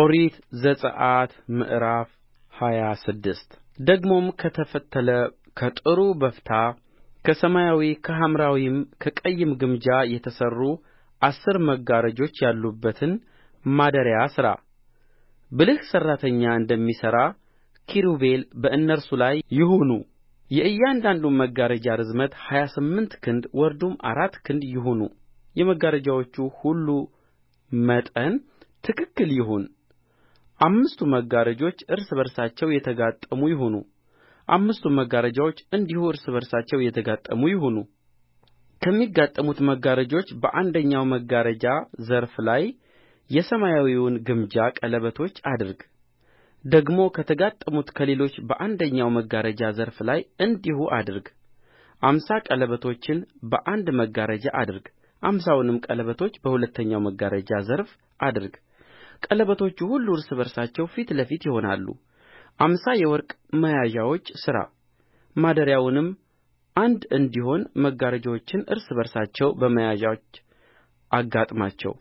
ኦሪት ዘጽአት ምዕራፍ ሃያ ስድስት ደግሞም ከተፈተለ ከጥሩ በፍታ ከሰማያዊ ከሐምራዊም ከቀይም ግምጃ የተሠሩ አሥር መጋረጆች ያሉበትን ማደሪያ ሥራ ብልህ ሠራተኛ እንደሚሠራ ኪሩቤል በእነርሱ ላይ ይሁኑ የእያንዳንዱም መጋረጃ ርዝመት ሀያ ስምንት ክንድ ወርዱም አራት ክንድ ይሁን የመጋረጆቹ ሁሉ መጠን ትክክል ይሁን አምስቱ መጋረጆች እርስ በርሳቸው የተጋጠሙ ይሁኑ አምስቱም መጋረጆች እንዲሁ እርስ በርሳቸው የተጋጠሙ ይሁኑ ከሚጋጠሙት መጋረጆች በአንደኛው መጋረጃ ዘርፍ ላይ የሰማያዊውን ግምጃ ቀለበቶች አድርግ ደግሞ ከተጋጠሙት ከሌሎች በአንደኛው መጋረጃ ዘርፍ ላይ እንዲሁ አድርግ አምሳ ቀለበቶችን በአንድ መጋረጃ አድርግ አምሳውንም ቀለበቶች በሁለተኛው መጋረጃ ዘርፍ አድርግ ቀለበቶቹ ሁሉ እርስ በርሳቸው ፊት ለፊት ይሆናሉ አምሳ የወርቅ መያዣዎች ሥራ ማደሪያውንም አንድ እንዲሆን መጋረጆችን እርስ በርሳቸው በመያዣዎች አጋጥማቸው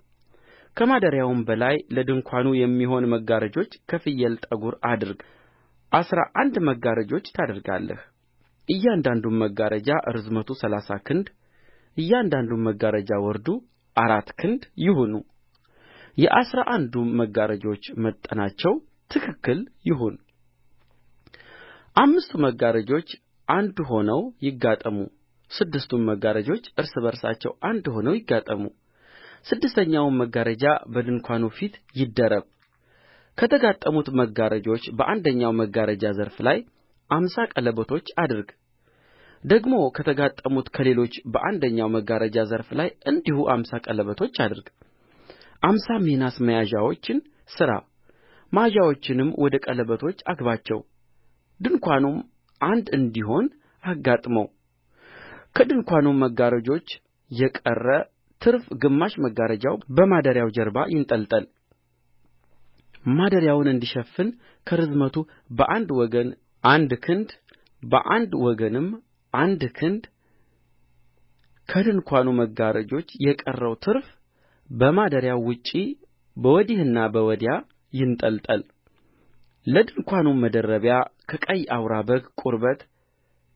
ከማደሪያውም በላይ ለድንኳኑ የሚሆኑ መጋረጆች ከፍየል ጠጕር አድርግ አሥራ አንድ መጋረጆች ታደርጋለህ እያንዳንዱም መጋረጃ ርዝመቱ ሠላሳ ክንድ እያንዳንዱም መጋረጃ ወርዱ አራት ክንድ ይሁኑ የአሥራ አንዱም መጋረጆች መጠናቸው ትክክል ይሁን አምስቱ መጋረጆች አንድ ሆነው ይጋጠሙ ስድስቱም መጋረጆች እርስ በርሳቸው አንድ ሆነው ይጋጠሙ ስድስተኛውም መጋረጃ በድንኳኑ ፊት ይደረብ ከተጋጠሙት መጋረጆች በአንደኛው መጋረጃ ዘርፍ ላይ አምሳ ቀለበቶች አድርግ ደግሞ ከተጋጠሙት ከሌሎች በአንደኛው መጋረጃ ዘርፍ ላይ እንዲሁ አምሳ ቀለበቶች አድርግ አምሳም የናስ መያዣዎችን ሥራ መያዣዎቹንም ወደ ቀለበቶች አግባቸው ድንኳኑም አንድ እንዲሆን አጋጥመው ከድንኳኑም መጋረጆች የቀረ ትርፍ ግማሽ መጋረጃው በማደሪያው ጀርባ ይንጠልጠል ማደሪያውን እንዲሸፍን ከርዝመቱ በአንድ ወገን አንድ ክንድ በአንድ ወገንም አንድ ክንድ ከድንኳኑ መጋረጆች የቀረው ትርፍ በማደሪያው ውጭ በወዲህና በወዲያ ይንጠልጠል ለድንኳኑም መደረቢያ ከቀይ አውራ በግ ቁርበት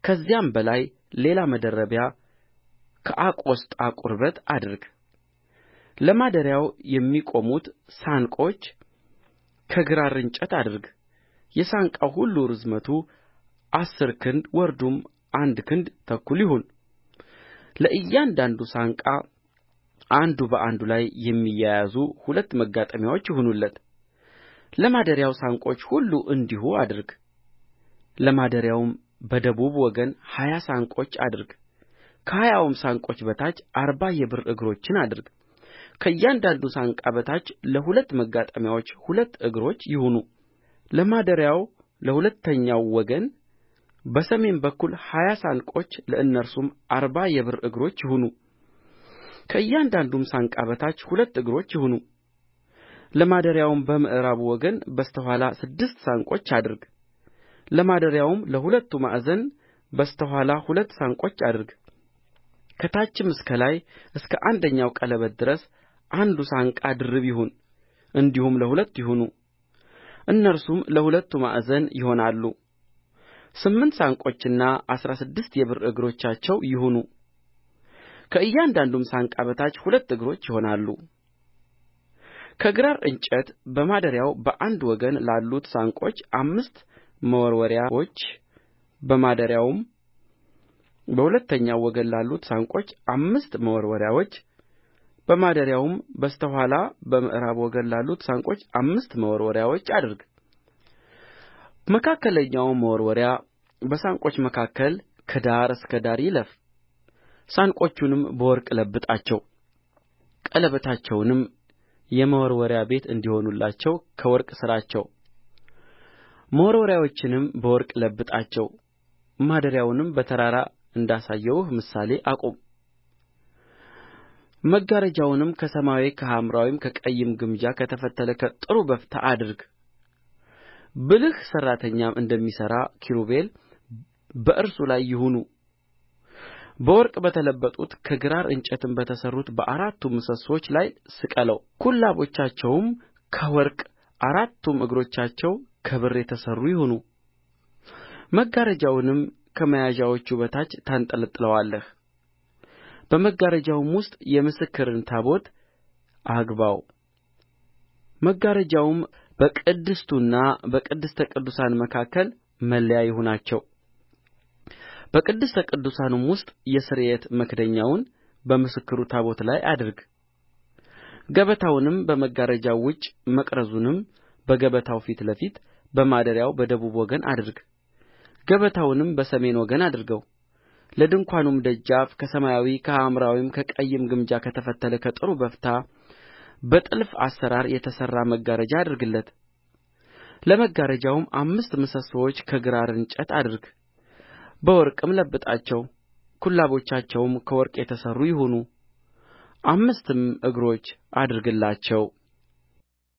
ከዚያም በላይ ሌላ መደረቢያ ከአቆስጣ ቁርበት አድርግ ለማደሪያው የሚቆሙት ሳንቆች ከግራር እንጨት አድርግ የሳንቃው ሁሉ ርዝመቱ አሥር ክንድ ወርዱም አንድ ክንድ ተኩል ይሁን ለእያንዳንዱ ሳንቃ አንዱ በአንዱ ላይ የሚያያዙ ሁለት ማጋጠሚያዎች ይሁኑለት ለማደሪያው ሳንቆች ሁሉ እንዲሁ አድርግ ለማደሪያውም በደቡብ ወገን ሀያ ሳንቆች አድርግ ከሀያውም ሳንቆች በታች አርባ የብር እግሮችን አድርግ ከእያንዳንዱ ሳንቃ በታች ለሁለት ማጋጠሚያዎች ሁለት እግሮች ይሁኑ ለማደሪያው ለሁለተኛው ወገን በሰሜን በኩል ሀያ ሳንቆች ለእነርሱም አርባ የብር እግሮች ይሁኑ ከእያንዳንዱም ሳንቃ በታች ሁለት እግሮች ይሁኑ ለማደሪያውም በምዕራቡ ወገን በስተ ኋላ ስድስት ሳንቆች አድርግ ለማደሪያውም ለሁለቱ ማዕዘን በስተ ኋላ ሁለት ሳንቆች አድርግ ከታችም እስከ ላይ እስከ አንደኛው ቀለበት ድረስ አንዱ ሳንቃ ድርብ ይሁን እንዲሁም ለሁለቱ ይሁኑ እነርሱም ለሁለቱ ማዕዘን ይሆናሉ ስምንት ሳንቆችና አሥራ ስድስት የብር እግሮቻቸው ይሁኑ ከእያንዳንዱም ሳንቃ በታች ሁለት እግሮች ይሆናሉ ከግራር እንጨት በማደሪያው በአንድ ወገን ላሉት ሳንቆች አምስት መወርወሪያዎች በማደሪያውም በሁለተኛው ወገን ላሉት ሳንቆች አምስት መወርወሪያዎች በማደሪያውም በስተ ኋላ በምዕራብ ወገን ላሉት ሳንቆች አምስት መወርወሪያዎች አድርግ መካከለኛው መወርወሪያ በሳንቆች መካከል ከዳር እስከ ዳር ይለፍ ሳንቆቹንም በወርቅ ለብጣቸው ቀለበታቸውንም የመወርወሪያ ቤት እንዲሆኑላቸው ከወርቅ ሥራቸው መወርወሪያዎቹንም በወርቅ ለብጣቸው ማደሪያውንም በተራራ እንዳሳየሁህ ምሳሌ አቁም መጋረጃውንም ከሰማያዊ ከሐምራዊም ከቀይም ግምጃ ከተፈተለ ከጥሩ በፍታ አድርግ ብልህ ሠራተኛም እንደሚሠራ ኪሩቤል በእርሱ ላይ ይሁኑ በወርቅ በተለበጡት ከግራር እንጨትም በተሠሩት በአራቱ ምሰሶች ላይ ስቀለው ኩላቦቻቸውም ከወርቅ አራቱም እግሮቻቸው ከብር የተሠሩ ይሁኑ መጋረጃውንም ከመያዣዎቹ በታች ታንጠለጥለዋለህ በመጋረጃውም ውስጥ የምስክርን ታቦት አግባው መጋረጃውም በቅድስቱና በቅድስተ ቅዱሳን መካከል መለያ ይሁናቸው በቅድስተ ቅዱሳኑም ውስጥ የስርየት መክደኛውን በምስክሩ ታቦት ላይ አድርግ ገበታውንም በመጋረጃው ውጭ መቅረዙንም በገበታው ፊት ለፊት በማደሪያው በደቡብ ወገን አድርግ ገበታውንም በሰሜን ወገን አድርገው ለድንኳኑም ደጃፍ ከሰማያዊ ከሐምራዊም ከቀይም ግምጃ ከተፈተለ ከጥሩ በፍታ በጥልፍ አሠራር የተሠራ መጋረጃ አድርግለት ለመጋረጃውም አምስት ምሰሶች ከግራር እንጨት አድርግ በወርቅም ለብጣቸው ኩላቦቻቸውም ከወርቅ የተሠሩ ይሁኑ አምስትም እግሮች አድርግላቸው